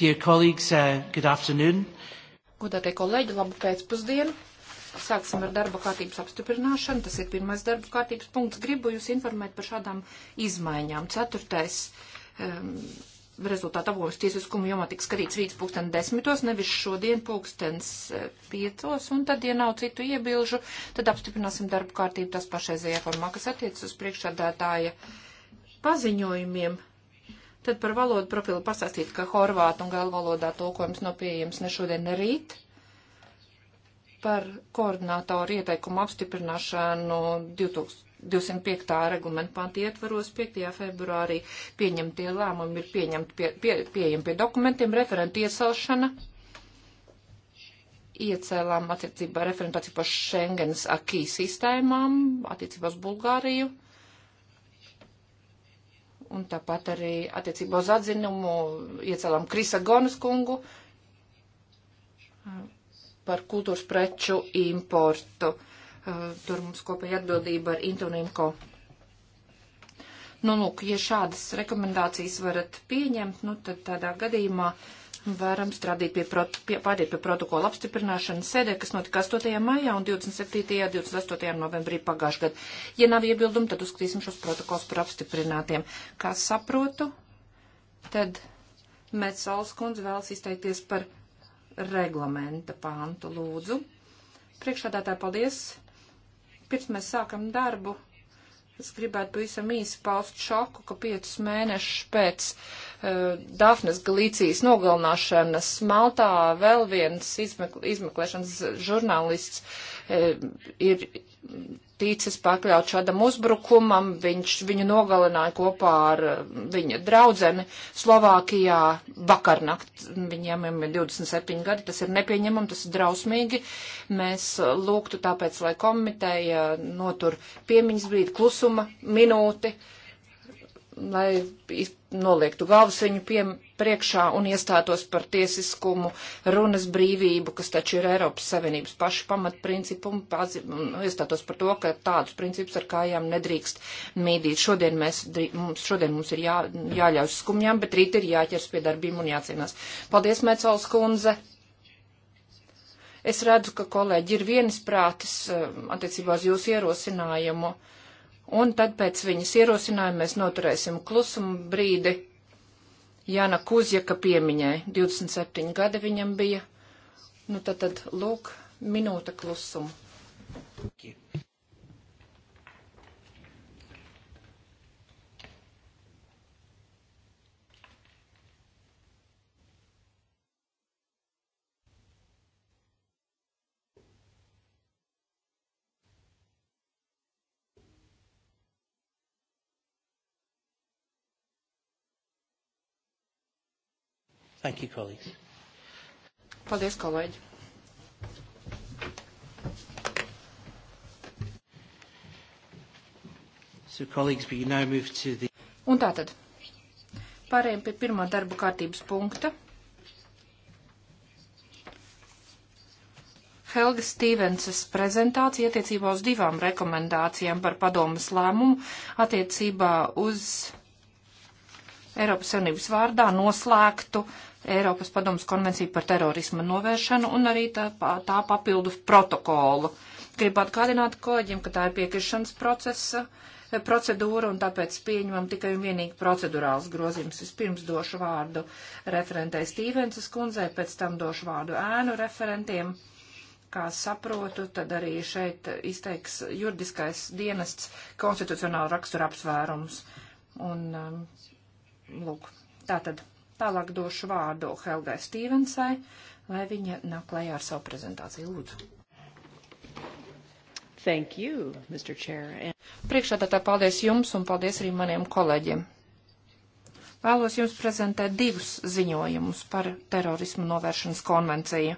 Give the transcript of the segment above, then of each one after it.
Dear colleagues, uh, good afternoon. Godātie kolēģi, labu pēcpusdienu. Sāksim ar darba kārtības apstiprināšanu. Tas ir pirmais darba kārtības punkts. Gribu jūs informēt par šādām izmaiņām. Ceturtais um, rezultātu avojas tiesiskumu jomā tiks skatīts rīts pulksten desmitos, nevis šodien pulkstens uh, piecos, un tad, ja nav citu iebilžu, tad apstiprināsim darba kārtību tas pašreizajā formā, kas attiecas uz priekšādātāja paziņojumiem Tad par valodu profilu pastāstīt, ka horvātu un gālu valodā tulkojums nav no pieejams ne šodien, ne rīt. Par koordinātoru ieteikumu apstiprināšanu 2000. 205. regulamenta panti ietvaros 5. februārī pieņemtie lēmumi ir pieņemti pie, pie, pieejami pie dokumentiem, referenta iecelšana iecēlām attiecībā referentu attiecībā Schengens akī sistēmām, attiecībā uz Bulgāriju. Un tāpat arī attiecībā uz atzinumu iecēlām Krisa Gonas kungu par kultūras preču importu. Uh, tur mums kopēja atbildība ar Intunimko. Nu, lūk, ja šādas rekomendācijas varat pieņemt, nu, tad tādā gadījumā varam strādīt pie, prot, pie, pāriet pie protokola apstiprināšanas sēdē, kas notika 8. maijā un 27. un 28. novembrī pagājušajā gadā. Ja nav iebildumi, tad uzskatīsim šos protokols par apstiprinātiem. Kā saprotu, tad Metsals kundze vēlas izteikties par reglamenta pāntu lūdzu. Priekšādātāji, paldies! Pirms mēs sākam darbu, es gribētu pavisam īsi paust šoku, ka piecus mēnešus pēc uh, Eh, Dafnes Galīcijas nogalināšanas Maltā vēl viens izmekl izmeklēšanas žurnālists eh, ir ticis pakļaut šādam uzbrukumam, viņš viņu nogalināja kopā ar eh, viņa draudzeni Slovākijā vakarnakt, viņiem ir 27 gadi, tas ir nepieņemam, tas ir drausmīgi, mēs lūgtu tāpēc, lai komiteja notur piemiņas brīdi klusuma minūti, uh, lai noliektu galvas viņu pie, priekšā un iestātos par tiesiskumu, runas brīvību, kas taču ir Eiropas Savienības pašu pamatprincipu, un, pazi, un iestātos par to, ka tādus principus ar kājām nedrīkst mīdīt. Šodien, mēs, mums, šodien mums ir jā, jāļauj skumjām, bet rīt ir jāķers pie darbiem un jācīnās. Paldies, Mēcols kundze! Es redzu, ka kolēģi ir viensprātis eh, attiecībā uz jūsu ierosinājumu. Uh, un tad pēc viņas ierosinājuma mēs noturēsim klusumu brīdi Jana Kuzjaka piemiņai. 27 gadi viņam bija. Nu tad, tad lūk, minūte klusumu. Thank you. Thank you, colleagues. Paldies, kolēģi. So, colleagues, we now move to the... Un tātad, pārējiem pie pirmā darba kārtības punkta. Helga Stevensas prezentācija attiecībā uz divām rekomendācijām par padomas lēmumu attiecībā uz Eiropas Savienības vārdā noslēgtu Eiropas Padomas konvenciju par terorisma novēršanu un arī tā, tā papildus protokolu. Gribu atgādināt kolēģiem, ka tā ir piekrišanas procesa eh, procedūra un tāpēc pieņemam tikai un vienīgi procedurāls grozījums. Vispirms došu vārdu referentei Stīvensas kundzei, pēc tam došu vārdu ēnu referentiem. Kā saprotu, tad arī šeit izteiks juridiskais dienests konstitucionāla rakstura apsvērums. Un um, Lūk, tātad tālāk došu vārdu Helgai Stīvensai, lai viņa nāk klajā ar savu prezentāciju. Lūdzu. Thank you, Mr. Chair. And... Priekšā tā, tā paldies jums un paldies arī maniem kolēģiem. Vēlos jums prezentēt divus ziņojumus par terorismu novēršanas konvenciju.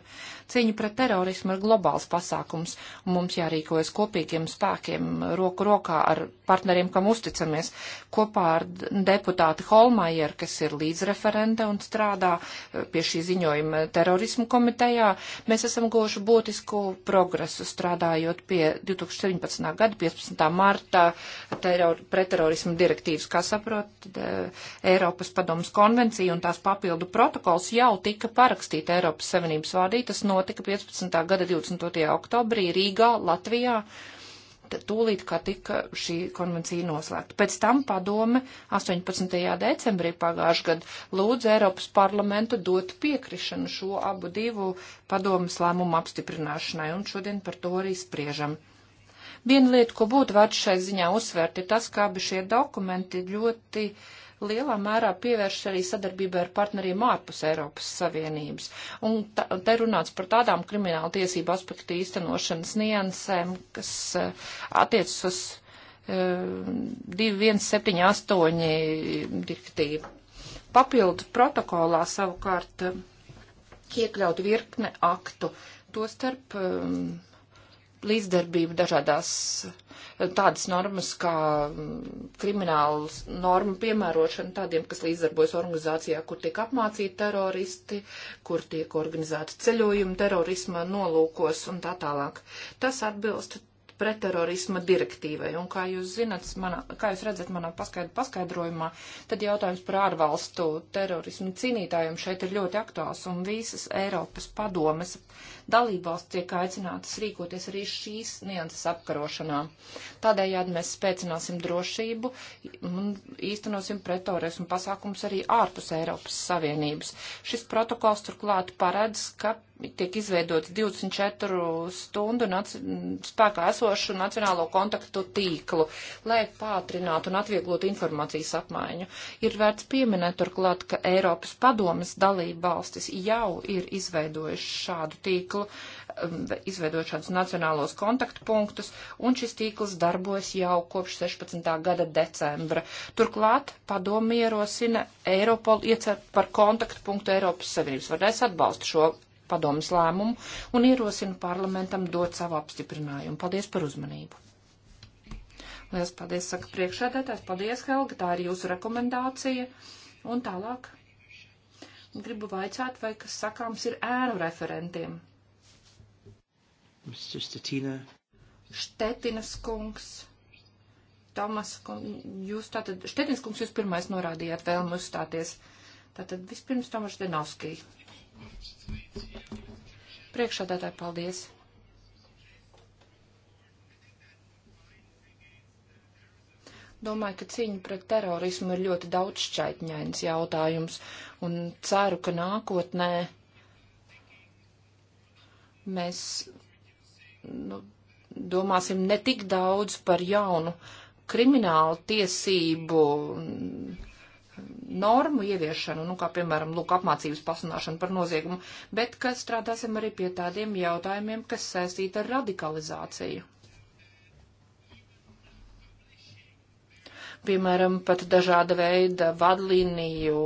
Cīņa pret terorismu ir globāls pasākums, un mums jārīkojas kopīgiem spēkiem, roku rokā ar partneriem, kam uzticamies, kopā ar deputāti Holmajer, kas ir līdzreferente un strādā eh, pie šī ziņojuma terorismu komitejā. Mēs esam guvuši būtisku progresu strādājot pie 2017. gada 15. marta teror, pretterorismu direktīvas, kā saprot, eh, Eiropas. Eiropas padomas konvencija un tās papildu protokols jau tika parakstīta Eiropas Savienības vārdī. Tas notika 15. gada 22. oktobrī Rīgā, Latvijā. Tūlīt, kā tika šī konvencija noslēgta. Pēc tam padome 18. decembrī pagājušajā gadā lūdza Eiropas parlamentu dot piekrišanu šo abu divu padomas lēmumu apstiprināšanai, un šodien par to arī spriežam. Viena lieta, ko būtu vērts šai ziņā uzsvērt, ir tas, ka abi šie dokumenti ļoti lielā mērā pievēršas arī sadarbībai ar partneriem ārpus Eiropas Savienības. Un ta, te runāts par tādām krimināla tiesību aspektu īstenošanas niansēm, kas eh, attiecas uz uh, eh, 2178 direktīvu. Papildu protokolā savukārt eh, iekļaut virkne aktu, to starp um, līdzdarbību dažādās uh, tādas normas kā mm, kriminālas norma piemērošana tādiem, kas līdzdarbojas organizācijā, kur tiek apmācīti teroristi, kur tiek organizēti ceļojumi terorisma nolūkos un tā tālāk. Tas atbilst pretterorisma direktīvai. Un kā jūs zinat, manā, kā jūs redzat manā paskaidrojumā, tad jautājums par ārvalstu terorismu cīnītājiem šeit ir ļoti aktuāls un visas Eiropas padomes Dalībvalsts tiek aicinātas rīkoties arī šīs nianses apkarošanā. Tādējādi mēs spēcināsim drošību un īstenosim pretorismu pasākums arī ārpus Eiropas Savienības. Šis protokols turklāt paredz, ka tiek izveidots 24 stundu spēkā esošu nacionālo kontaktu tīklu, lai pātrinātu un atvieglotu informācijas apmaiņu. Ir vērts pieminēt turklāt, ka Eiropas padomas dalība valstis jau ir izveidojuši šādu tīklu, um, izveidot šādus nacionālos kontaktpunktus, un šis tīkls darbojas jau kopš 16. gada decembra. Turklāt padomi ierosina Eiropol iecert par kontaktpunktu Eiropas Savienības. Vadēs atbalstu šo padomas lēmumu un ierosina parlamentam dot savu apstiprinājumu. Paldies par uzmanību! Lielas paldies, saka priekšēdētājs. Paldies, Helga, tā ir jūsu rekomendācija. Un tālāk. Gribu vaicāt, vai kas sakāms ir ēnu referentiem. Mr. Stetina. Štetinas kungs. Tomas, kungs, jūs tātad, Štetinas kungs, jūs pirmais norādījāt vēlmu uzstāties. Tātad vispirms Tomas Denovskij. Priekšādātāji, paldies. Domāju, ka cīņa pret terorismu ir ļoti daudzšķaitņains jautājums, un ceru, ka nākotnē mēs nu, domāsim ne tik daudz par jaunu kriminālu tiesību normu ieviešanu, nu, kā piemēram, lūk, apmācības pasunāšanu par noziegumu, bet ka strādāsim arī pie tādiem jautājumiem, kas saistīti ar radikalizāciju. piemēram, pat dažāda veida vadlīniju,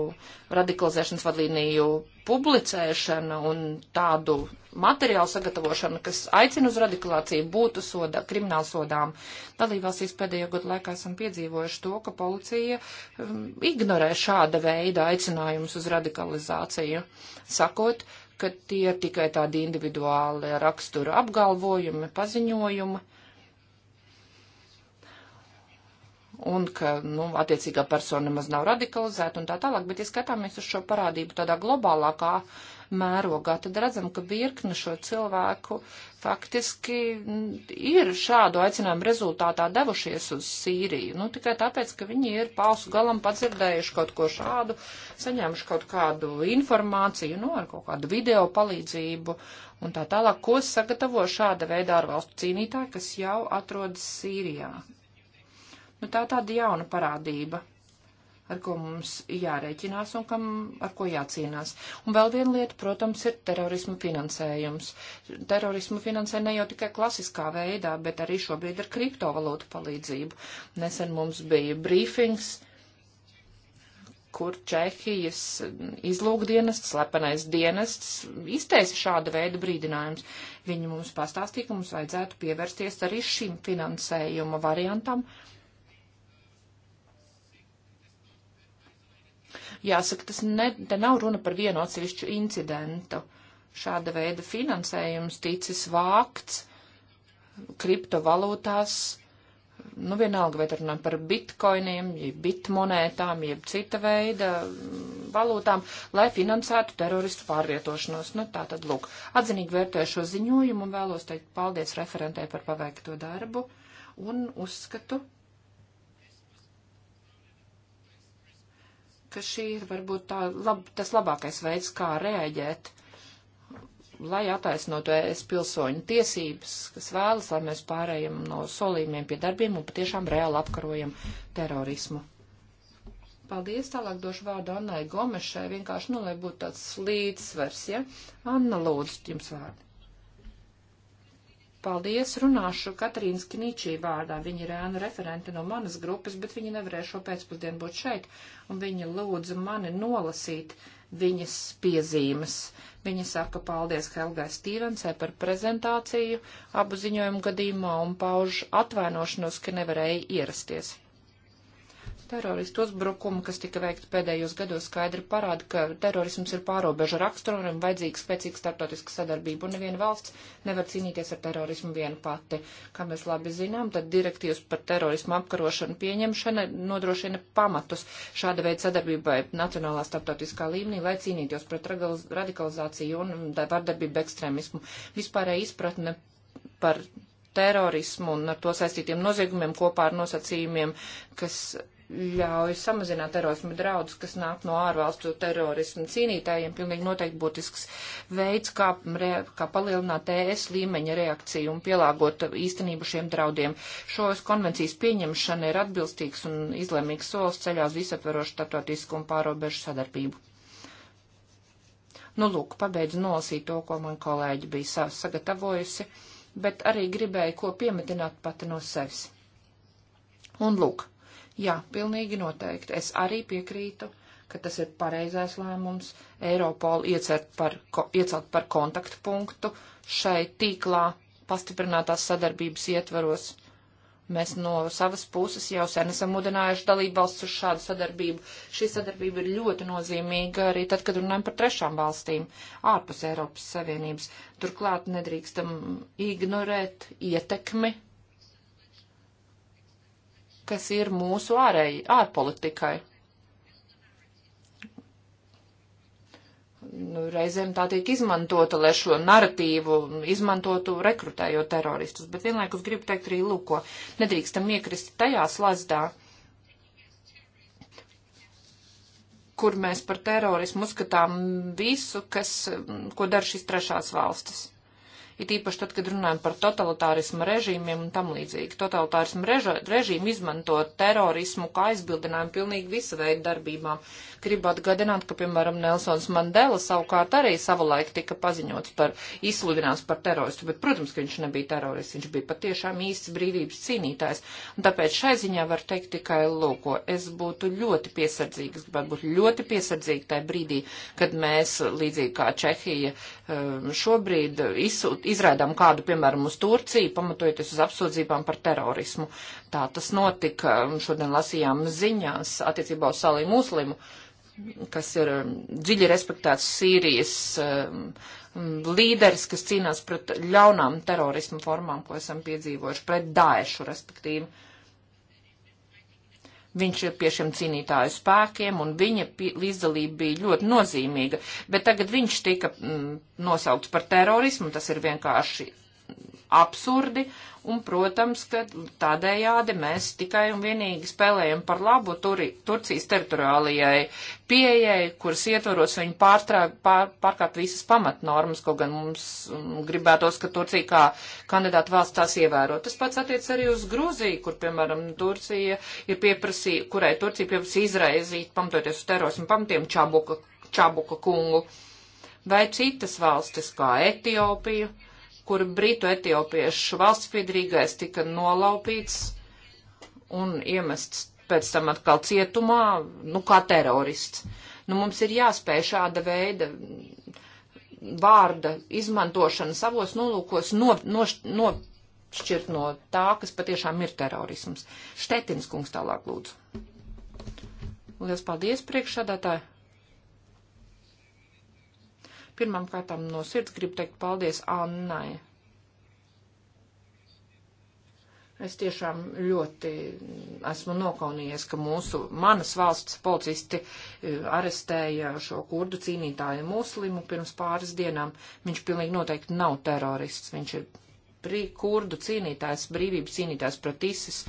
radikalizēšanas vadlīniju publicēšana un tādu materiālu sagatavošana, kas aicina uz radikalizāciju, būtu soda, krimināla sodām. Dalībvalstīs pēdējo gadu laikā esam piedzīvojuši to, ka policija um, ignorē šāda veida aicinājumus uz radikalizāciju, sakot, ka tie ir tikai tādi individuāli rakstura apgalvojumi, paziņojumi un ka, nu, attiecīgā persona maz nav radikalizēta un tā tālāk, bet, ja skatāmies uz šo parādību tādā globālākā mērogā, tad redzam, ka virkne šo cilvēku faktiski ir šādu aicinājumu rezultātā devušies uz Sīriju. Nu, tikai tāpēc, ka viņi ir pausu galam padzirdējuši kaut ko šādu, saņēmuši kaut kādu informāciju, nu, ar kaut kādu video palīdzību un tā tālāk, ko sagatavo šāda veida ārvalstu cīnītāji, kas jau atrodas Sīrijā. Nu, tā tāda jauna parādība, ar ko mums jārēķinās un kam, ar ko jācīnās. Un vēl viena lieta, protams, ir terorismu finansējums. Terorismu finansē ne jau tikai klasiskā veidā, bet arī šobrīd ar kriptovalūtu palīdzību. Nesen mums bija brīfings kur Čehijas izlūkdienests, slepenais dienests izteica šāda veida brīdinājums. Viņi mums pastāstīja, ka mums vajadzētu pievērsties arī šim finansējuma variantam, uh, Jāsaka, tas ne, te nav runa par vienu atsevišķu incidentu. Šāda veida finansējums ticis vākts kriptovalūtās, nu vienalga, vai runājam par bitkoiniem, jeb bitmonētām, jeb cita veida mm, valūtām, lai finansētu teroristu pārvietošanos. Nu, tā tad, lūk, atzinīgi vērtēju šo ziņojumu un vēlos teikt paldies referentē par paveikto darbu un uzskatu, ka šī ir varbūt tā, lab, tas labākais veids, kā reaģēt, lai attaisnotu es pilsoņu tiesības, kas vēlas, lai mēs pārējam no solījumiem pie darbiem un patiešām reāli apkarojam terorismu. Paldies, tālāk došu vārdu Annai Gomešai, vienkārši, nu, lai būtu tāds līdzsvers, ja? Anna, lūdzu, jums vārdu. Paldies, runāšu Katrīnas Knīčī vārdā. Viņa ir ēna referente no manas grupas, bet viņa nevarēja šo pēcpusdienu būt šeit, un viņa lūdza mani nolasīt viņas piezīmes. Viņa saka paldies Helgai Stīvensai par prezentāciju abu ziņojumu gadījumā un pauž atvainošanos, ka nevarēja ierasties. Teroristu uzbrukumu, kas tika veikti pēdējos gados, skaidri parāda, ka terorisms ir pārobeža rakstura un ir vajadzīga spēcīga starptautiska sadarbība, un neviena valsts nevar cīnīties ar terorismu viena pati. Kā mēs labi zinām, tad direktīvas par terorismu apkarošanu pieņemšana nodrošina pamatus šāda veida sadarbībai nacionālā starptautiskā līmenī, lai cīnītos pret radikalizāciju un vardarbību ekstremismu. Vispārēja izpratne par terorismu un ar to saistītiem noziegumiem kopā ar nosacījumiem, kas ļauj samazināt terorismu draudus, kas nāk no ārvalstu terorismu cīnītājiem, pilnīgi noteikti būtisks veids, kā, re, kā palielināt ES līmeņa reakciju un pielāgot īstenību šiem draudiem. Šos konvencijas pieņemšana ir atbilstīgs un izlēmīgs solis ceļā uz visaptverošu starptautisku un pārobežu sadarbību. Nu, lūk, pabeidzu nolasīt to, ko man kolēģi bija sagatavojusi, bet arī gribēju ko piemetināt pati no sevis. Un lūk. Jā, pilnīgi noteikti. Es arī piekrītu, ka tas ir pareizais lēmums Eiropolu iecert par, ko, iecelt par kontaktpunktu šai tīklā pastiprinātās sadarbības ietvaros. Mēs no savas puses jau sen esam mudinājuši dalībvalsts uz šādu sadarbību. Šī sadarbība ir ļoti nozīmīga arī tad, kad runājam par trešām valstīm ārpus Eiropas Savienības. Turklāt nedrīkstam ignorēt ietekmi kas ir mūsu ārēji, ārpolitikai. Nu, reizēm tā tiek izmantota, lai šo narratīvu izmantotu rekrutējot teroristus, bet vienlaikus gribu teikt arī lūko, nedrīkstam iekrist tajā slazdā, kur mēs par terorismu uzskatām visu, kas, ko dara šīs trešās valstis it īpaši tad, kad runājam par totalitārismu režīmiem un tam līdzīgi. Totalitārismu režo, režīmu izmanto terorismu kā aizbildinājumu pilnīgi visu veidu darbībām. Gribu atgādināt, ka, piemēram, Nelsons Mandela savukārt arī savulaik tika paziņots par, izsludināts par teroristu, bet, protams, ka viņš nebija terorists, viņš bija patiešām īsts brīvības cīnītājs. Un tāpēc šai ziņā var teikt tikai lūko, es būtu ļoti piesardzīgs, gribētu būt ļoti piesardzīgs tajā brīdī, kad mēs, līdzīgi kā Čehija, Ehm, šobrīd izsūt, izraidām kādu, piemēram, uz Turciju, pamatojoties uz apsūdzībām par terorismu. Tā tas notika, šodien lasījām ziņās attiecībā uz Salī Muslimu, kas ir ehm, dziļi respektēts Sīrijas ehm, līderis, kas cīnās pret ļaunām terorismu formām, ko esam piedzīvojuši, pret Daešu, respektīvi. Viņš ir pie šiem cīnītāju spēkiem, un viņa līdzdalība bija ļoti nozīmīga. Bet tagad viņš tika mm, nosaukts par terorismu, tas ir vienkārši absurdi, un, protams, ka tādējādi mēs tikai un vienīgi spēlējam par labu turi, Turcijas teritoriālajai pieejai, kuras ietvaros viņi pārstrā, pār, pārkāp visas pamatnormas, ko gan mums mm, gribētos, ka Turcija kā kandidāta valsts tās ievēro. Tas pats attiec arī uz Grūziju, kur, piemēram, Turcija ir pieprasīja, kurai Turcija pieprasīja izraizīt, pamatoties uz terorismu pamatiem, Čabuka, Čabuka kungu, vai citas valstis kā Etiopija kur britu etiopiešu valsts piedrīgais tika nolaupīts un iemests pēc tam atkal cietumā, nu, kā terorists. Nu, mums ir jāspēj šāda veida vārda izmantošana savos nolūkos no, no, no šķirt no tā, kas patiešām ir terorisms. Štetins kungs tālāk lūdzu. Lielas paldies priekšsādātāji. Pirmam kārtām no sirds gribu teikt paldies Annai. Es tiešām ļoti esmu nokaunījies, ka mūsu, manas valsts policisti e, arestēja šo kurdu cīnītāju muslimu pirms pāris dienām. Viņš pilnīgi noteikti nav terorists. Viņš ir kurdu cīnītājs, brīvības cīnītājs pret ISIS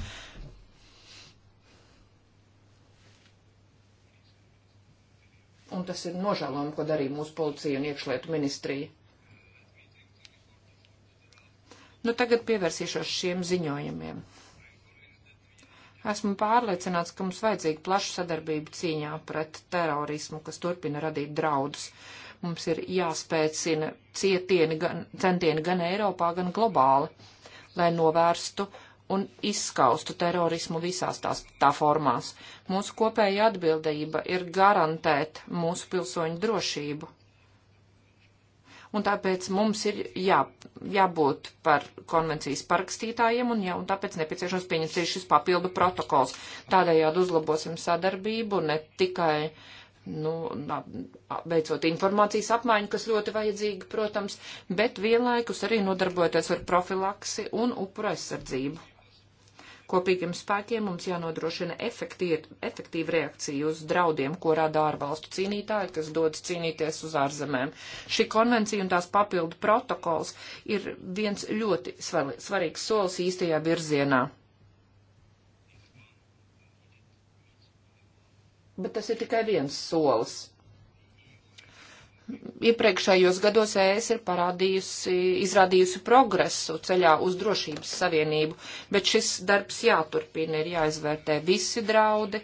Un tas ir nožēlojami, ko darīja mūsu policija un iekšlietu ministrija. Nu, tagad pievērsīšos šiem ziņojumiem. Esmu pārliecināts, ka mums vajadzīga plaša sadarbība cīņā pret terorismu, kas turpina radīt draudus. Mums ir jāspēcina cietieni, gan, centieni gan Eiropā, gan globāli, lai novērstu uh, un izskaustu terorismu visās tās tā formās. Mūsu kopēja atbildība ir garantēt mūsu pilsoņu drošību. Un tāpēc mums ir jā, jābūt par konvencijas parakstītājiem, un, jā, un tāpēc nepieciešams pieņemt arī šis papildu protokols. Tādējādi uzlabosim sadarbību ne tikai uh, nu, beidzot informācijas apmaiņu, kas ļoti vajadzīga, protams, bet vienlaikus arī nodarbojoties ar profilaksi un upura aizsardzību. Kopīgiem spēkiem mums jānodrošina efektīva, efektīva reakcija uz draudiem, ko rada ārvalstu cīnītāji, kas dodas cīnīties uz ārzemēm. Šī konvencija un tās papildu protokols ir viens ļoti svarīgs solis īstajā virzienā. Bet tas ir tikai viens solis. Iepriekšējos gados ES ir parādījusi, izrādījusi progresu ceļā uz drošības savienību, bet šis darbs jāturpina, ir jāizvērtē visi draudi,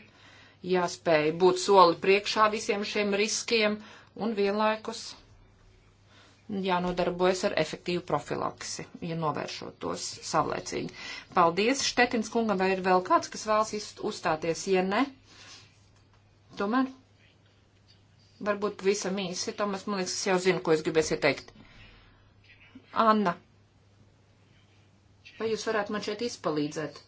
jāspēj būt soli priekšā visiem šiem riskiem un vienlaikus jānodarbojas ar efektīvu profilaksi, ja novēršot tos savlaicīgi. Paldies, Štetins kungam, vai ir vēl kāds, kas vēlas uzstāties, ja ne? Tomēr Varbūt pavisam īsi, Tomas, man liekas, es jau zinu, ko es gribēju ieteikt. Anna, vai jūs varētu man šeit izpalīdzēt?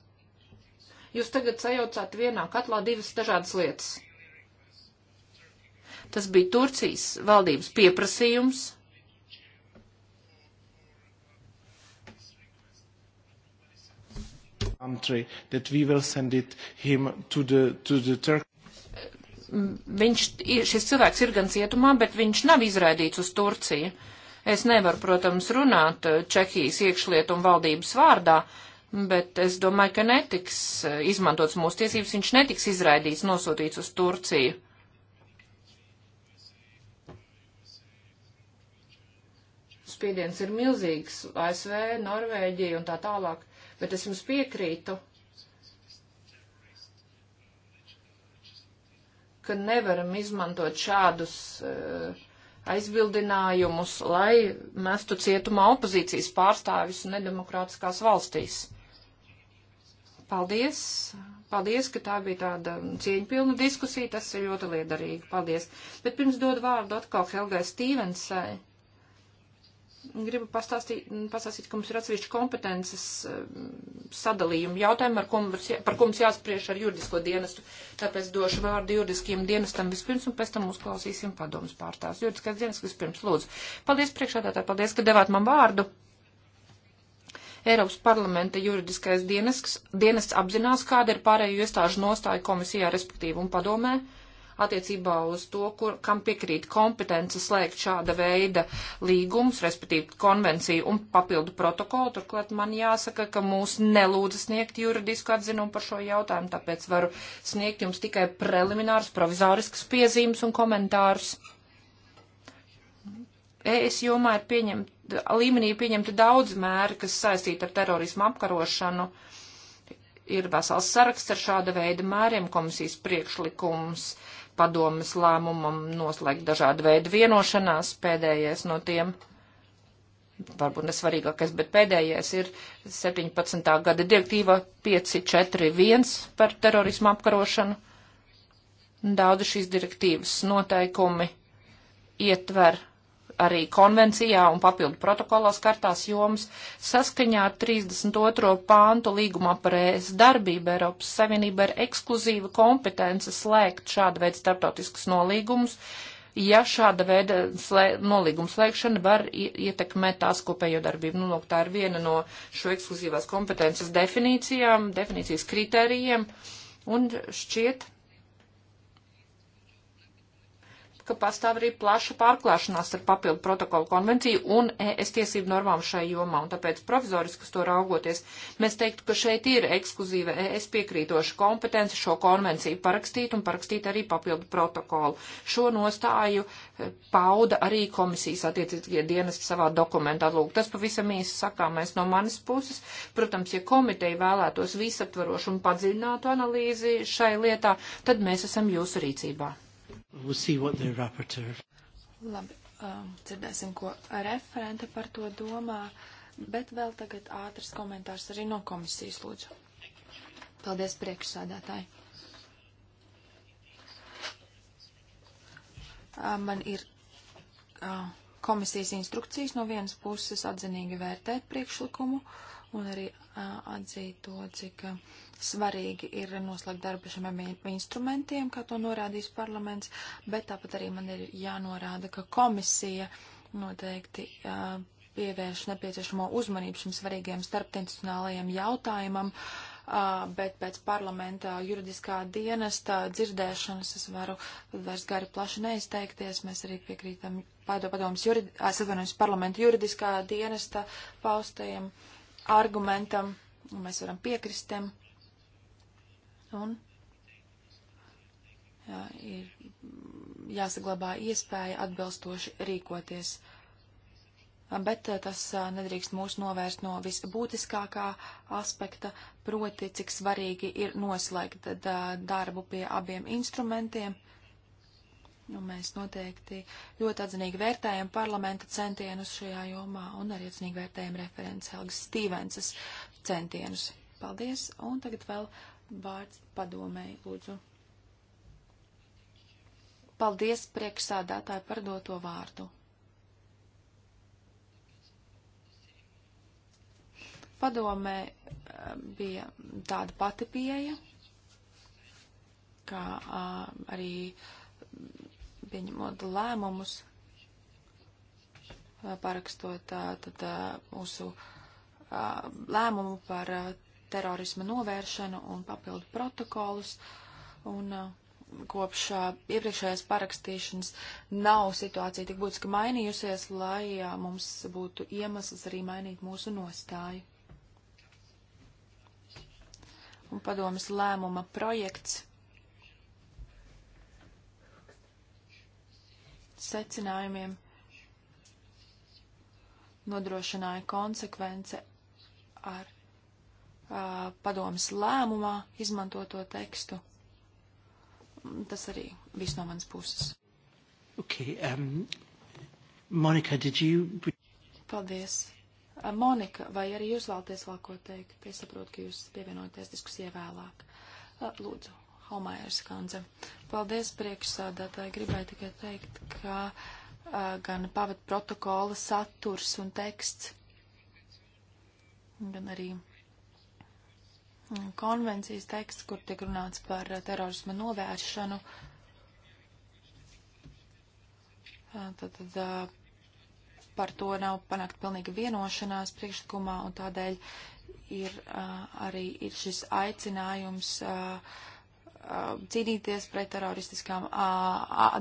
Jūs tagad sajaucāt vienā katlā divas dažādas lietas. Tas bija Turcijas valdības pieprasījums country that we will send it him to the to the Turk viņš, šis cilvēks ir gan cietumā, bet viņš nav izraidīts uz Turciju. Es nevaru, protams, runāt eh, Čehijas iekšlietu un valdības vārdā, bet es domāju, ka netiks eh, izmantots mūsu tiesības, viņš netiks izraidīts, nosūtīts uz Turciju. Spiediens ir milzīgs, ASV, Norvēģija un tā tālāk, bet es jums piekrītu, ka nevaram izmantot šādus uh, aizbildinājumus, lai mestu cietumā opozīcijas pārstāvis nedemokrātiskās valstīs. Paldies! Paldies, ka tā bija tāda cieņpilna diskusija, tas ir ļoti liederīgi. Paldies! Bet pirms dodu vārdu atkal Helgai Stīvensai gribu pastāstīt, pastāstīt, ka mums ir atsevišķi kompetences eh, sadalījumi jautājumi, ar ko mums, par ko mums jāspriež ar juridisko dienestu. Tāpēc došu vārdu juridiskajam dienestam vispirms un pēc tam uzklausīsim padomus pārstāvs. Juridiskais dienests vispirms lūdzu. Paldies priekšādātāji, paldies, ka devāt man vārdu. Eiropas parlamenta juridiskais dienests, dienests apzinās, kāda ir pārējo iestāžu nostāja komisijā, respektīvi un padomē. Uh, attiecībā uz to, kur, kam piekrīt kompetence slēgt šāda veida līgums, respektīvi konvenciju un papildu protokolu. Turklāt man jāsaka, ka mūs nelūdza sniegt juridisku atzinumu par šo jautājumu, tāpēc varu sniegt jums tikai preliminārus, provizoriskus piezīmes un komentārus. ES jomā ir pieņemt, līmenī pieņemti daudz mēri, kas saistīti ar terorismu apkarošanu. Ir vesels saraksts ar šāda veida mēriem komisijas priekšlikums padomas lēmumam noslēgt dažādu veidu vienošanās, pēdējais no tiem, varbūt nesvarīgākais, bet pēdējais ir 17. gada direktīva 541 par terorismu apkarošanu. Daudz šīs direktīvas noteikumi ietver arī konvencijā un papildu protokolos kartās jomas saskaņā ar 32. pāntu līgumā par ES darbību Eiropas Savienība ir ekskluzīva kompetence slēgt šāda veida starptautiskas nolīgumus, ja šāda veida slē, nolīguma slēgšana var ietekmēt tās kopējo darbību. Nu, lūk, tā ir viena no šo ekskluzīvās kompetences definīcijām, definīcijas kritērijiem, un šķiet, ka pastāv arī plaša pārklāšanās ar papildu protokolu konvenciju un ES tiesību normām šai jomā, un tāpēc provizoriski uz to raugoties, mēs teiktu, ka šeit ir ekskluzīva ES piekrītoša kompetence šo konvenciju parakstīt un parakstīt arī papildu protokolu. Šo nostāju eh, pauda arī komisijas attiecīgie dienesti savā dokumentā. Lūk, tas pavisam īsi sakāmais no manas puses. Protams, ja komiteja vēlētos visaptvarošu un padziļinātu analīzi šai lietā, tad mēs esam jūsu rīcībā. We'll Labi, um, dzirdēsim, ko referente par to domā, bet vēl tagad ātrs komentārs arī no komisijas lūdzu. Paldies priekšsādātāji. Uh, man ir uh, komisijas instrukcijas no vienas puses atzinīgi vērtēt priekšlikumu un arī uh, atzīt to, cik uh, svarīgi ir noslēgt darbu šiem instrumentiem, kā to norādījis parlaments, bet tāpat arī man ir jānorāda, ka komisija noteikti uh, pievērš nepieciešamo uzmanību šim svarīgajam starptinstitucionālajam jautājumam, uh, bet pēc parlamenta juridiskā dienesta dzirdēšanas es varu vairs gari plaši neizteikties. Mēs arī piekrītam padomus juridi, parlamenta juridiskā dienesta paustajam argumentam, un mēs varam piekrist tam un jā, ir jāsaglabā iespēja atbilstoši rīkoties. Bet eh, tas eh, nedrīkst mūs novērst no visbūtiskākā aspekta, proti, cik svarīgi ir noslēgt eh, darbu pie abiem instrumentiem. Nu, mēs noteikti ļoti atzinīgi vērtējam parlamenta centienus šajā jomā un arī atzinīgi vērtējam referents Helgas Stīvensas centienus. Paldies, un tagad vēl vārds padomēji, lūdzu. Paldies priekšsādātāju par doto vārdu. Padomē eh, bija tāda pati pieeja, kā arī pieņemot lēmumus, parakstot tad, mūsu lēmumu par terorisma novēršanu un papildu protokolus. Un, uh, kopš uh, iepriekšējās parakstīšanas nav situācija tik būtiski mainījusies, lai jā, uh, mums būtu iemesls arī mainīt mūsu nostāju. Un padomas lēmuma projekts secinājumiem nodrošināja konsekvence ar padomas lēmumā izmantoto tekstu. Tas arī viss no manas puses. Okay, um, Monika, did you... Paldies. Monika, vai arī jūs vēlaties vēl ko teikt? Es saprotu, ka jūs pievienoties diskusijai vēlāk. Lūdzu, Haumājers Kanze. Paldies priekšsādātāji. Gribēju tikai teikt, ka gan pavad protokola saturs un teksts, gan arī konvencijas teksts, kur tiek runāts par eh, terorisma novēršanu. Eh, tad, tad eh, par to nav panākt pilnīga vienošanās priekšlikumā, un tādēļ ir arī ir šis aicinājums cīnīties pret teroristiskām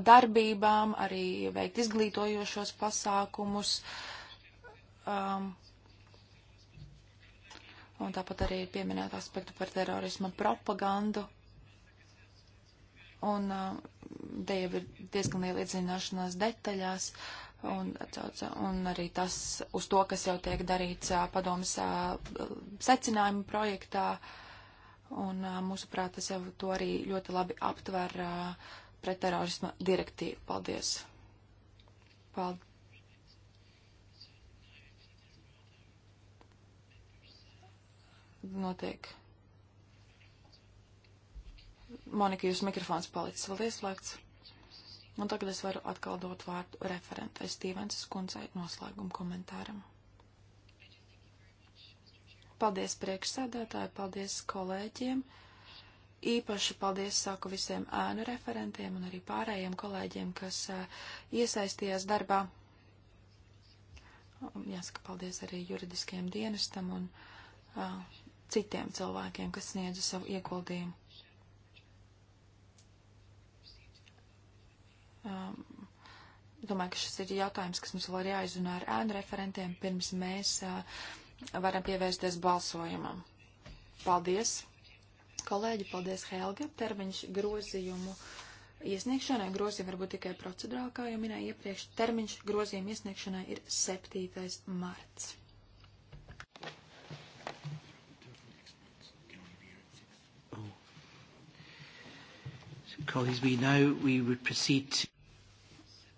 darbībām, arī veikt izglītojošos pasākumus. Um, un tāpat arī pieminēt aspektu par terorisma propagandu. Un uh, te jau ir diezgan liela iedzināšanās detaļās, un, un arī tas uz to, kas jau tiek darīts uh, padomas uh, secinājuma projektā. Un mūsuprāt, tas jau to arī ļoti labi aptver pretterorisma direktīvu. Paldies! Paldies! notiek. Monika, jūs mikrofons palicis vēl ieslēgts. Un tagad es varu atkal dot vārdu referentai Stīvensas kundzei noslēguma komentāram. Paldies priekšsēdētāji, paldies kolēģiem. Īpaši paldies saku visiem ēnu referentiem un arī pārējiem kolēģiem, kas uh, iesaistījās darbā. Un jāsaka paldies arī juridiskajam dienestam un uh, citiem cilvēkiem, kas sniedza savu ieguldījumu. Um, domāju, ka šis ir jautājums, kas mums vēl ir jāizrunā ar ēnu referentiem, pirms mēs uh, varam pievērsties balsojumam. Paldies, kolēģi, paldies, Helga. Termiņš grozījumu iesniegšanai, grozījumi varbūt tikai procedurāli, kā jau minēju iepriekš, termiņš grozījumu iesniegšanai ir 7. marts. Colleagues, we now we would proceed to...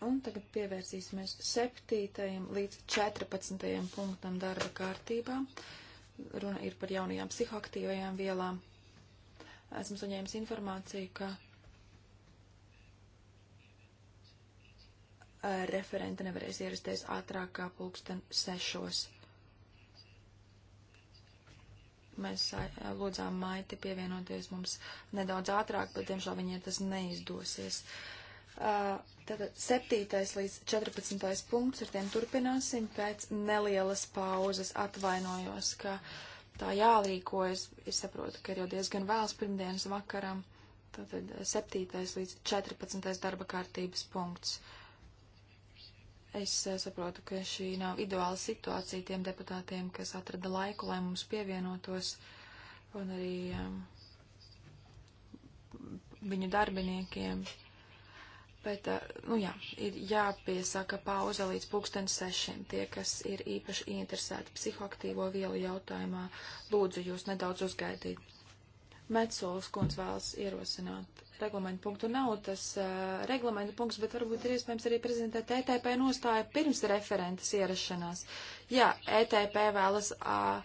Un tagad pievērsīsimies 7. līdz 14. punktam darba kārtībā. Runa ir par jaunajām psihoaktīvajām vielām. Esmu saņēmis informāciju, ka eh, referente nevarēs ierasties ātrāk kā pulksten sešos. Mēs lūdzām Maiti pievienoties mums nedaudz ātrāk, bet, diemžēl, viņai tas neizdosies. Tātad 7. līdz 14. punkts ar tiem turpināsim pēc nelielas pauzes. Atvainojos, ka tā jārīkojas. Es saprotu, ka ir jau diezgan vēls pirmdienas vakaram. Tātad 7. līdz 14. darba kārtības punkts. Es eh, saprotu, ka šī nav ideāla situācija tiem deputātiem, kas atrada laiku, lai mums pievienotos, un arī um, viņu darbiniekiem. Bet, uh, nu jā, ir jāpiesaka pauze līdz pulksten sešiem. Tie, kas ir īpaši interesēti psihoaktīvo vielu jautājumā, lūdzu jūs nedaudz uzgaidīt. Metsolas kundz vēlas ierosināt reglamentu punktu nav tas uh, eh, reglamentu punkts, bet varbūt ir iespējams arī prezentēt ETP nostāju pirms referentes ierašanās. Jā, ETP vēlas uh,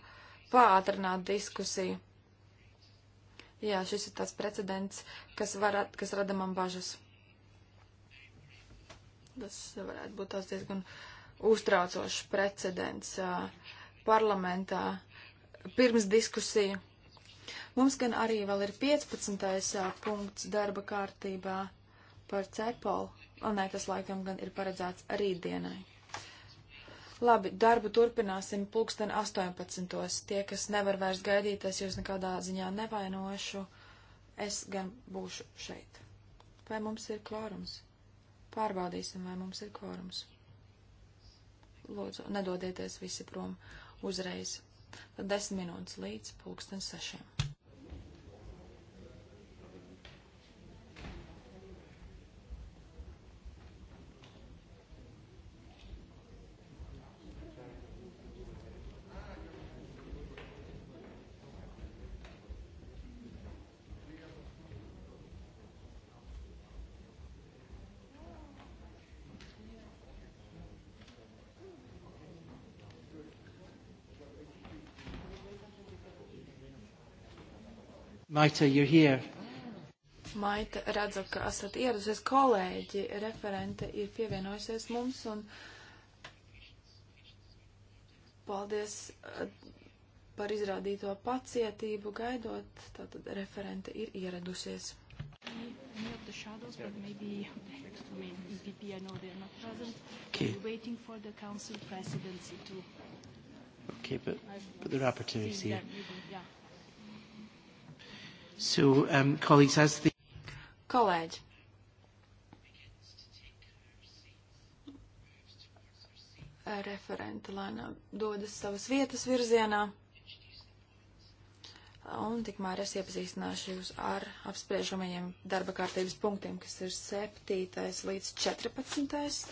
pātrināt diskusiju. Jā, šis ir tāds precedents, kas, var, kas rada man bažas. Tas varētu būt tāds diezgan uztraucošs precedents uh, parlamentā pirms diskusiju. Mums gan arī vēl ir 15. punkts darba kārtībā par cepolu, un nē, tas laikam gan ir paredzēts rītdienai. Labi, darbu turpināsim pulksten 18. Tie, kas nevar vairs gaidīt, es jūs nekādā ziņā nevainošu, es gan būšu šeit. Vai mums ir kvorums? Pārbaudīsim, vai mums ir kvorums. Lūdzu, nedodieties visi prom uzreiz. Tad desmit minūtes līdz pulksten sešiem. Maita, you're here. Maita, redzu, ka esat ieradusies kolēģi, referente ir pievienojusies mums un paldies eh, par izrādīto pacietību gaidot, tātad referente ir ieradusies. Any of the shadows, but maybe EPP, I know they're not present. Okay. We're waiting for the council presidency to. Okay, but, but the rapporteur is here. Yeah. So, um, colleagues, as the... Kolēģi. Referenti lēnām dodas savas vietas virzienā. Un tikmēr es iepazīstināšu jūs ar apspriežamajiem darba kārtības punktiem, kas ir 7. līdz 14.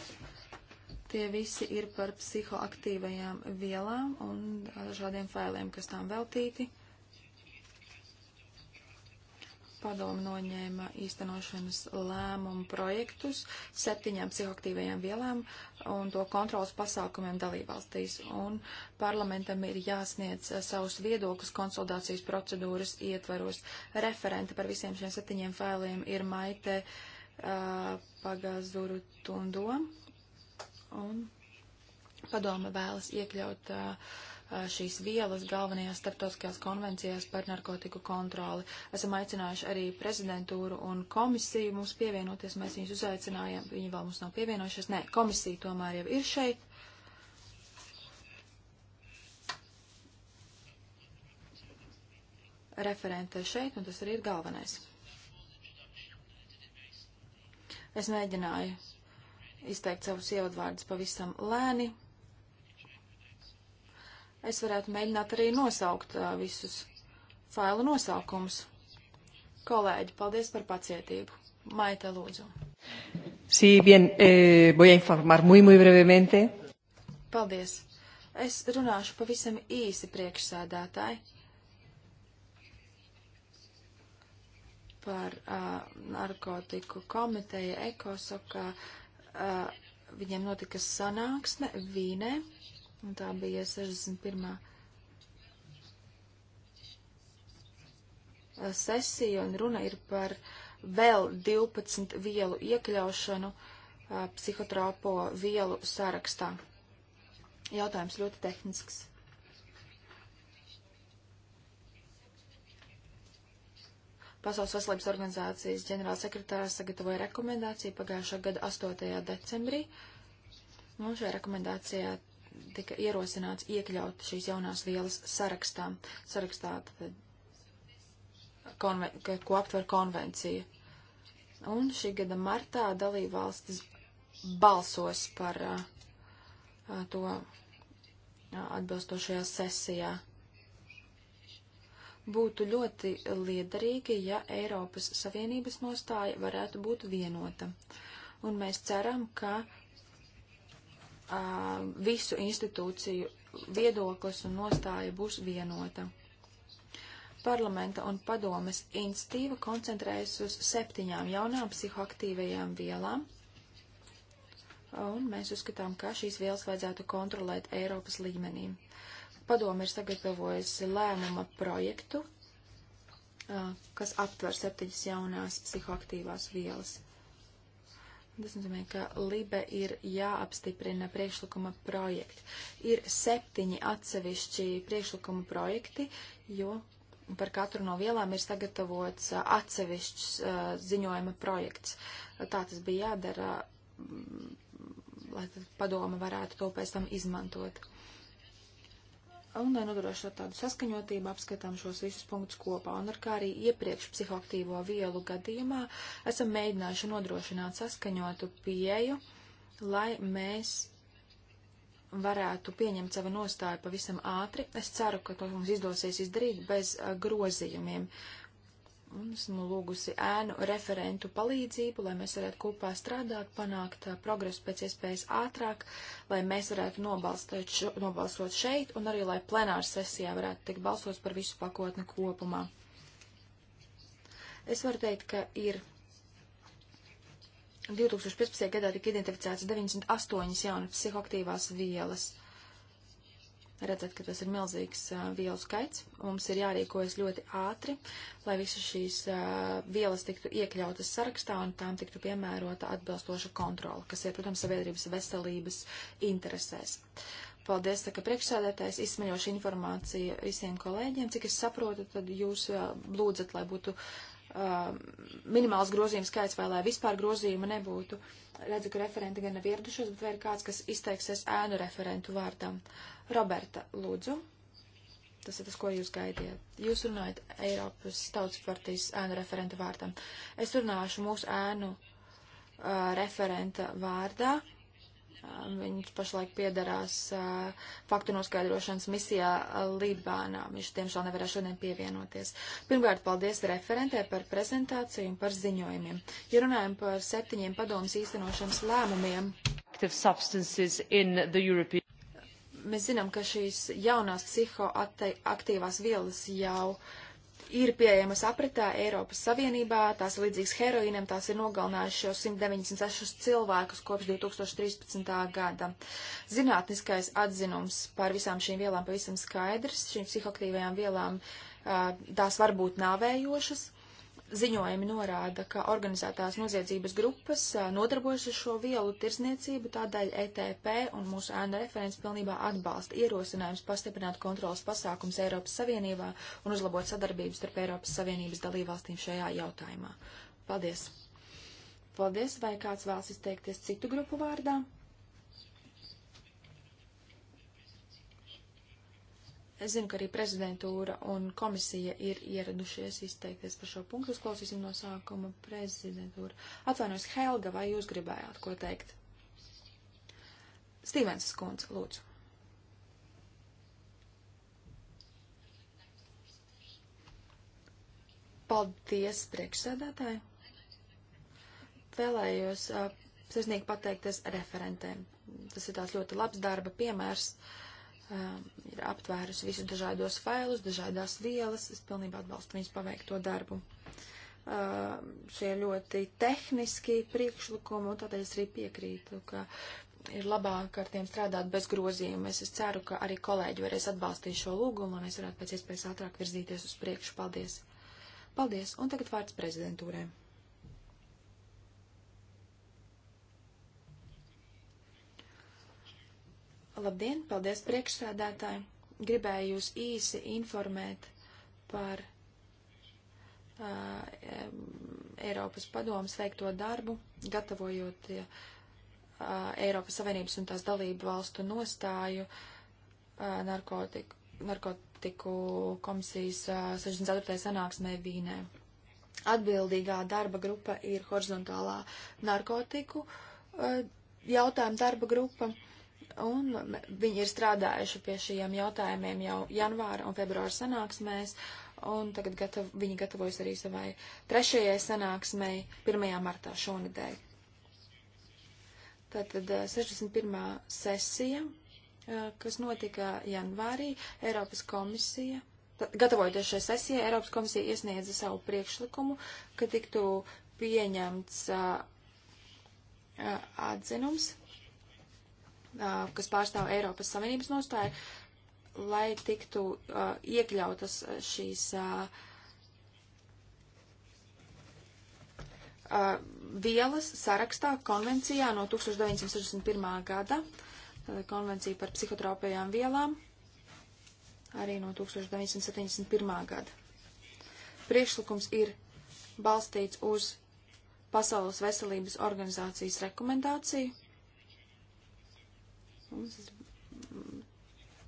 Tie visi ir par psihoaktīvajām vielām un dažādiem failiem, kas tām veltīti. Padomu noņēma īstenošanas lēmumu projektus septiņām psihoaktīvajām vielām un to kontrolas pasākumiem dalībvalstīs. Un parlamentam ir jāsniedz eh, savus viedokļus konsultācijas procedūras ietvaros. Referente par visiem šiem septiņiem failiem ir Maite uh, eh, Pagazuru Tundo. Un padoma vēlas iekļaut uh, šīs vielas galvenajās starptautiskajās konvencijās par narkotiku kontroli. Esam aicinājuši arī prezidentūru un komisiju mums pievienoties, mēs viņus uzaicinājām, viņi vēl mums nav pievienojušies. Nē, komisija tomēr jau ir šeit. Referente šeit, un tas arī ir galvenais. Es mēģināju izteikt savus ievadvārdus pavisam lēni, Es varētu mēģināt arī nosaukt uh, visus failu nosaukumus. Kolēģi, paldies par pacietību. Maita, lūdzu. Sí, bien, eh, voy a informar muy, muy brevemente. Paldies. Es runāšu pavisam īsi priekšsēdētāji par uh, narkotiku komiteju ECOSOKā. Uh, viņiem notika sanāksme Vīnē. Uh, un tā bija 61. Uh, sesija, un runa ir par vēl 12 vielu iekļaušanu a, uh, psihotropo vielu sarakstā. Jautājums ļoti tehnisks. Pasaules veselības organizācijas ģenerālsekretārs sagatavoja rekomendāciju pagājušā gada 8. decembrī. Un šajā rekomendācijā tika ierosināts iekļaut šīs jaunās vielas sarakstā, sarakstā, konven, ko aptver konvencija. Un šī gada martā dalība valstis balsos par a, a, to a, atbilstošajā sesijā. Būtu ļoti liederīgi, ja Eiropas Savienības nostāja varētu būt vienota. Un mēs ceram, ka uh, visu institūciju viedoklis un nostāja būs vienota. Parlamenta un padomes institīva koncentrējas uz septiņām jaunām psihoaktīvajām vielām, un mēs uzskatām, ka šīs vielas vajadzētu kontrolēt Eiropas līmenī. Padome ir sagatavojusi lēmuma projektu, kas aptver septiņas jaunās psihoaktīvās vielas. Tas nozīmē, ka Libe ir jāapstiprina priekšlikuma projekti. Ir septiņi atsevišķi priekšlikuma projekti, jo par katru no vielām ir sagatavots uh, atsevišķs uh, ziņojuma projekts. Tā tas bija jādara, mm, lai padoma varētu to pēc tam izmantot. Un, lai nodrošinātu tādu saskaņotību, apskatām šos visus punktus kopā. Un ar kā arī iepriekš psihoaktīvo vielu gadījumā esam mēģinājuši nodrošināt saskaņotu pieeju, lai mēs varētu pieņemt savu nostāju pavisam ātri. Es ceru, ka to mums izdosies izdarīt bez grozījumiem un esmu lūgusi ēnu referentu palīdzību, lai mēs varētu kopā strādāt, panākt uh, progresu pēc iespējas ātrāk, lai mēs varētu nobalstēt, šo, nobalsot šeit un arī, lai plenāra sesijā varētu tikt balsots par visu pakotni kopumā. Es varu teikt, ka ir 2015. gadā tika identificēts 98 jaunas psihoaktīvās vielas. Redzat, ka tas ir milzīgs uh, vielu skaits. Mums ir jārīkojas ļoti ātri, lai visas šīs uh, vielas tiktu iekļautas sarakstā un tām tiktu piemērota atbilstoša kontrola, kas ir, protams, sabiedrības veselības interesēs. Paldies, tā, ka priekšsēdētājs izsmeļoši informāciju visiem kolēģiem. Cik es saprotu, tad jūs uh, lūdzat, lai būtu minimāls grozījums skaits vai lai vispār grozījuma nebūtu. Redzu, ka referenti gan nav ieradušies, bet vai ir kāds, kas izteiksies ēnu referentu vārdām. Uh, Roberta, lūdzu. Tas ir tas, ko jūs gaidījat. Jūs runājat Eiropas Tautas partijas ēnu referenta vārdam. Es runāšu mūsu ēnu uh, referenta vārdā. Uh, viņš pašlaik piedarās uh, faktu noskaidrošanas misijā Libānā. Viņš tiemžēl nevarēja šodien pievienoties. Pirmkārt, paldies referentē par prezentāciju un par ziņojumiem. Ja runājam par septiņiem padomas īstenošanas lēmumiem. Active substances in the European mēs zinām, ka šīs jaunās psihoaktīvās vielas jau ir pieejamas apritē Eiropas Savienībā, tās ir līdzīgas heroīnam, tās ir nogalinājušas jau 196 cilvēkus kopš 2013. gada. Zinātniskais atzinums par visām šīm vielām pavisam skaidrs, šīm psihoaktīvajām vielām tās var būt nāvējošas ziņojumi norāda, ka organizētās noziedzības grupas nodarbojas ar šo vielu tirsniecību, tādēļ ETP un mūsu ēna referents pilnībā atbalsta ierosinājums pastiprināt kontrolas pasākums Eiropas Savienībā un uzlabot sadarbības starp Eiropas Savienības dalībvalstīm šajā jautājumā. Paldies! Paldies! Vai kāds vēlas izteikties citu grupu vārdā? Es zinu, ka arī prezidentūra un komisija ir ieradušies izteikties par šo punktu. Uzklausīsim no sākuma prezidentūru. Atvainojos, Helga, vai jūs gribējāt ko teikt? Stīvens Skundze, lūdzu. Paldies, priekšsēdētāji. Vēlējos uh, sirsnīgi pateikties referentēm. Tas ir tāds ļoti labs darba piemērs. Uh, um, ir aptvērusi visus dažādos failus, dažādās vielas. Es pilnībā atbalstu viņas paveikto darbu. Uh, šie ļoti tehniski priekšlikumi, un tādēļ es arī piekrītu, ka ir labāk ar tiem strādāt bez grozījuma. Es, es ceru, ka arī kolēģi varēs atbalstīt šo lūgumu, un es varētu pēc iespējas ātrāk virzīties uz priekšu. Paldies! Paldies! Un tagad vārds prezidentūrē. Labdien, paldies priekšsēdētāji. Gribēju jūs īsi informēt par uh, Eiropas padomas veikto darbu, gatavojot uh, Eiropas Savienības un tās dalību valstu nostāju uh, narkotiku, narkotiku komisijas uh, 64. sanāksmē Vīnē. Atbildīgā darba grupa ir horizontālā narkotiku uh, jautājuma darba grupa. Uh, Un viņi ir strādājuši pie šiem jautājumiem jau janvāra un februāra sanāksmēs, un tagad gatav, viņi gatavojas arī savai trešajai sanāksmei 1. martā šonadēļ. Tātad 61. sesija, kas notika janvārī, Eiropas komisija. Tad, gatavojoties šai sesijai, Eiropas komisija iesniedza savu priekšlikumu, ka tiktu pieņemts atzinums kas pārstāv Eiropas Savienības nostāju, lai tiktu uh, iekļautas šīs uh, uh, vielas sarakstā konvencijā no 1961. gada, tāda konvencija par psihotropajām vielām, arī no 1971. gada. Priekšlikums ir balstīts uz Pasaules veselības organizācijas rekomendāciju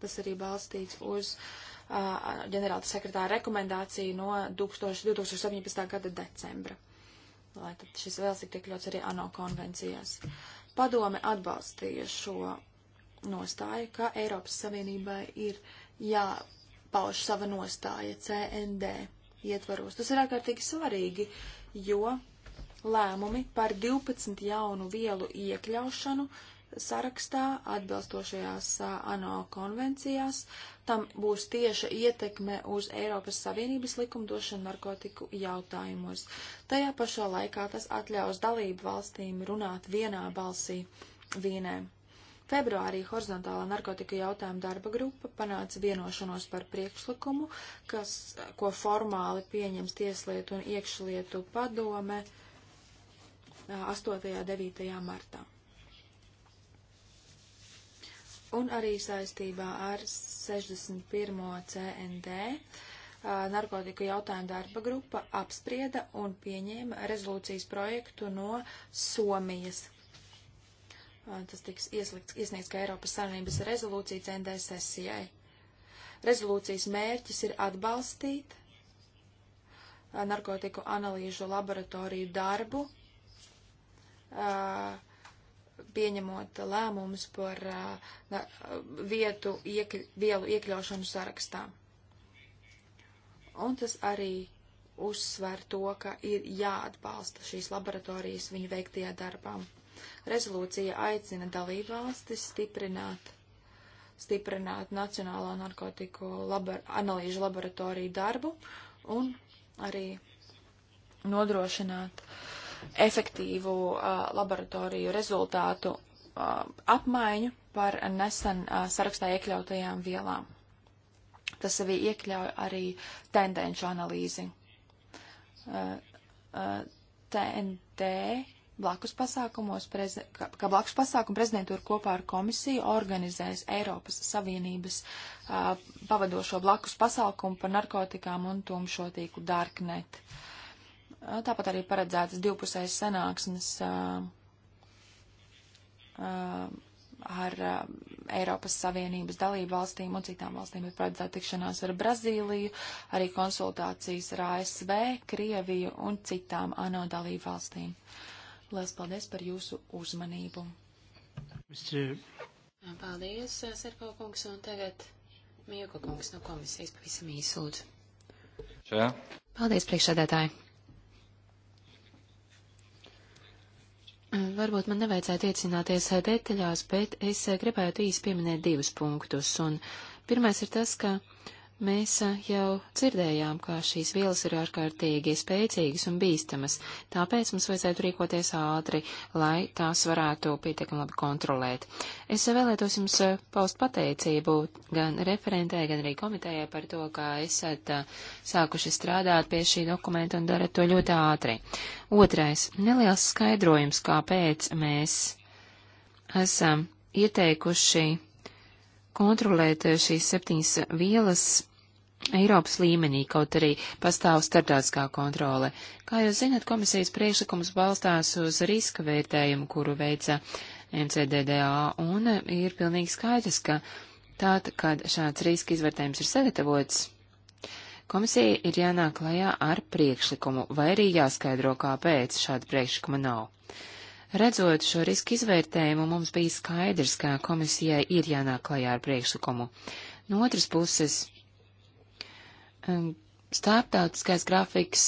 Tas arī balstīts uz uh, ģenerāla sekretāra rekomendāciju no 2000, 2017. gada decembra, lai tad šis vēls tik tiek ļauts arī ANO konvencijās. Padome atbalstīja šo nostāju, ka Eiropas Savienībai ir jāpauž sava nostāja CND ietvaros. Tas ir ārkārtīgi svarīgi, jo lēmumi par 12 jaunu vielu iekļaušanu uh, sarakstā, atbilstošajās ANO konvencijās. Tam būs tieša ietekme uz Eiropas Savienības likumdošanu narkotiku jautājumos. Tajā pašā laikā tas atļaus dalību valstīm runāt vienā balsī vienē. Februārī horizontālā narkotika jautājuma darba grupa panāca vienošanos par priekšlikumu, kas, ko formāli pieņems Tieslietu un iekšlietu padome 8. un 9. martā un arī saistībā ar 61. CND narkotiku jautājumu darba grupa apsprieda un pieņēma rezolūcijas projektu no Somijas. Tas tiks ieslikts, iesniegts kā Eiropas Savienības rezolūcija CND sesijai. Rezolūcijas mērķis ir atbalstīt narkotiku analīžu laboratoriju darbu, uh, pieņemot lēmumus par vietu iek, vielu iekļaušanu sarakstā. Un tas arī uzsver to, ka ir jāatbalsta šīs laboratorijas viņu veiktajā darbā. Rezolūcija aicina dalībvalstis stiprināt, stiprināt Nacionālo narkotiku labor, analīžu laboratoriju darbu un arī nodrošināt uh, efektīvu uh, laboratoriju rezultātu uh, apmaiņu par nesen uh, sarakstā iekļautajām vielām. Tas sevī iekļauj arī tendenču analīzi. TND blakus pasākumos, kā blakus pasākumu prezidentūra kopā ar komisiju organizēs Eiropas Savienības pavadošo blakus pasākumu par narkotikām un tumšotīku Darknet. Uh, Tāpat arī paredzētas divpusējas sanāksmes uh, uh, ar uh, Eiropas Savienības dalību valstīm un citām valstīm ir paredzēta tikšanās ar Brazīliju, arī konsultācijas ar ASV, Krieviju un citām ANO dalību valstīm. Lielas paldies par jūsu uzmanību. Paldies, Serko kungs, un tagad Mījuka kungs no komisijas pavisam īsūdz. Paldies, priekšsēdētāji. Varbūt man nevajadzētu iecināties eh, detaļās, bet es eh, gribētu īsti pieminēt divus punktus. Un pirmais ir tas, ka Mēs eh, jau dzirdējām, ka šīs vielas ir ārkārtīgi spēcīgas un bīstamas, tāpēc mums vajadzētu rīkoties ātri, lai tās varētu pietiekami labi kontrolēt. Es vēlētos jums eh, paust pateicību gan referentē, gan arī komitējai par to, ka esat eh, sākuši strādāt pie šī dokumenta un darat to ļoti ātri. Otrais - neliels skaidrojums, kāpēc mēs esam ieteikuši kontrolēt šīs septiņas vielas Eiropas līmenī, kaut arī pastāv starptautiskā kontrole. Kā jūs zinat, komisijas priekšlikums balstās uz riska vērtējumu, kuru veica MCDDA, un ir pilnīgi skaidrs, ka tātad, kad šāds riska izvērtējums ir sagatavots, komisija ir jānāk klajā ar priekšlikumu, vai arī jāskaidro, kāpēc šāda priekšlikuma nav. Redzot šo riska izvērtējumu, mums bija skaidrs, ka komisijai ir jānāk klajā ar priekšlikumu. No otras puses, starptautiskais grafiks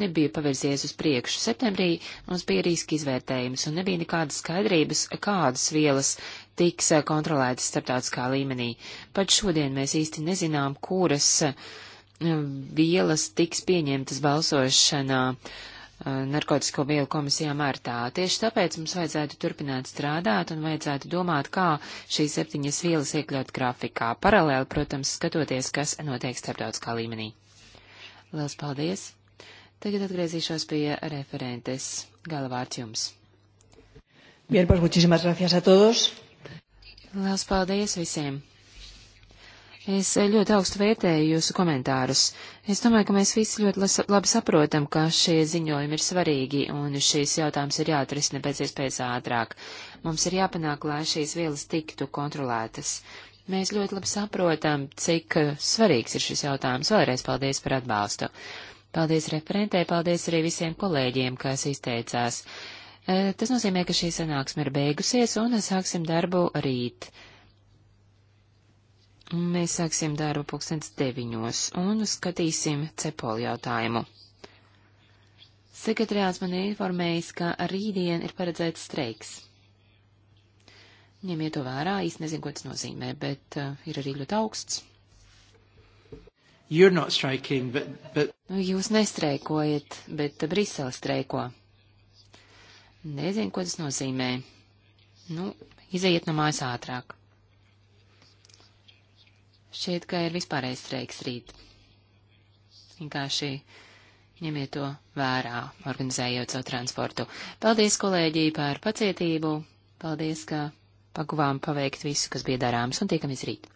nebija pavirzies uz priekšu. Septembrī mums bija riska izvērtējums un nebija nekādas skaidrības, kādas vielas tiks kontrolētas starptautiskā līmenī. Pat šodien mēs īsti nezinām, kuras vielas tiks pieņemtas balsošanā uh, narkotisko vielu komisijā martā. Tieši tāpēc mums vajadzētu turpināt strādāt un vajadzētu domāt, kā šīs septiņas vielas iekļaut grafikā, paralēli, protams, skatoties, kas notiek starptautiskā līmenī. Lielas paldies! Tagad atgriezīšos pie referentes. Galavārds jums! Bien, pues muchísimas gracias a todos. Lielas paldies visiem! Es ļoti augstu vērtēju jūsu komentārus. Es domāju, ka mēs visi ļoti labi saprotam, ka šie ziņojumi ir svarīgi un šīs jautājums ir jāatrisina pēc iespējas ātrāk. Mums ir jāpanāk, lai šīs vielas tiktu kontrolētas. Mēs ļoti labi saprotam, cik eh, svarīgs ir šis jautājums. Vēlreiz paldies par atbalstu. Paldies referentē, paldies arī visiem kolēģiem, kas izteicās. Eh, tas nozīmē, ka šī sanāksme ir beigusies un sāksim darbu rīt. Mēs sāksim darbu pulkstens deviņos un skatīsim cepoli jautājumu. Sekretariāts man ir informējis, ka rītdien ir paredzēts streiks. Ņemiet to vērā, īsti nezinu, ko tas nozīmē, bet uh, ir arī ļoti augsts. Striking, but, but... Nu, jūs nestreikojat, bet Brisele streiko. Nezinu, ko tas nozīmē. Nu, izejiet no mājas ātrāk. Šķiet, ka ir vispārējais streiks rīt. Vienkārši ņemiet to vērā, organizējot savu transportu. Paldies, kolēģi, par pacietību. Paldies, ka paguvām paveikt visu, kas bija darāms, un tiekamies rīt.